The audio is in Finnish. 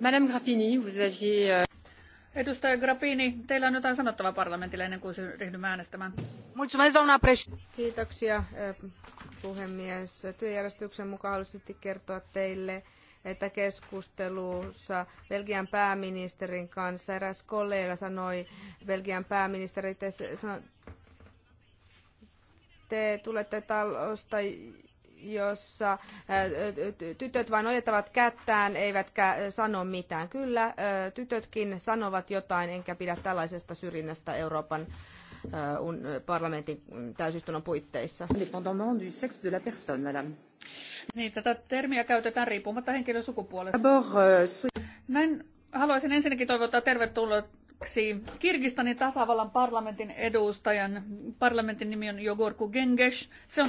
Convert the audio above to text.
Madame Grappini, vous aviez... Euh, Edustaja Grappini, teillä on jotain sanottavaa parlamentille ennen kuin ryhdymme äänestämään. Kiitoksia puhemies. Työjärjestyksen mukaan haluaisin kertoa teille, että keskustelussa Belgian pääministerin kanssa eräs kollega sanoi, Belgian pääministeri, te, te tulette talosta, jossa äh, tytöt vain ojettavat kättään eivätkä äh, sano mitään. Kyllä, äh, tytötkin sanovat jotain, enkä pidä tällaisesta syrjinnästä Euroopan parlamentin täysistunnon puitteissa. Niin, tätä termiä käytetään riippumatta henkilön sukupuolesta. Euh, Näin haluaisin ensinnäkin toivottaa tervetulleeksi Kirgistanin tasavallan parlamentin edustajan. Parlamentin nimi on Jogorku Gengesh. Se on